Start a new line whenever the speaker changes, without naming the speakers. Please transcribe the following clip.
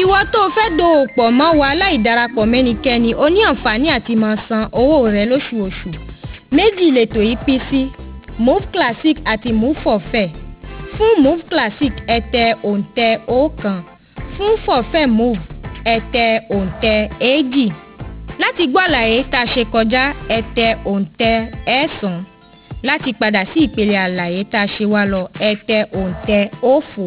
ìwọ tó o fẹ́ dòòpọ̀ mọ́ wa láì darapọ̀ mẹ́nikẹ́ni o ní àǹfààní àti máa san owó rẹ lóṣooṣù méjì lètò yìí pín sí move classic àti move forfait fún move classic ẹ tẹ òǹtẹ̀ ọ̀kan fún forfait move ẹ tẹ òǹtẹ̀ èjì láti gbọ́ àlàyé tá a ṣe kọjá ẹ tẹ òǹtẹ̀ ẹ̀sán láti padà sí ìpele àlàyé tá a ṣe wá lọ ẹ tẹ òǹtẹ̀ òfo.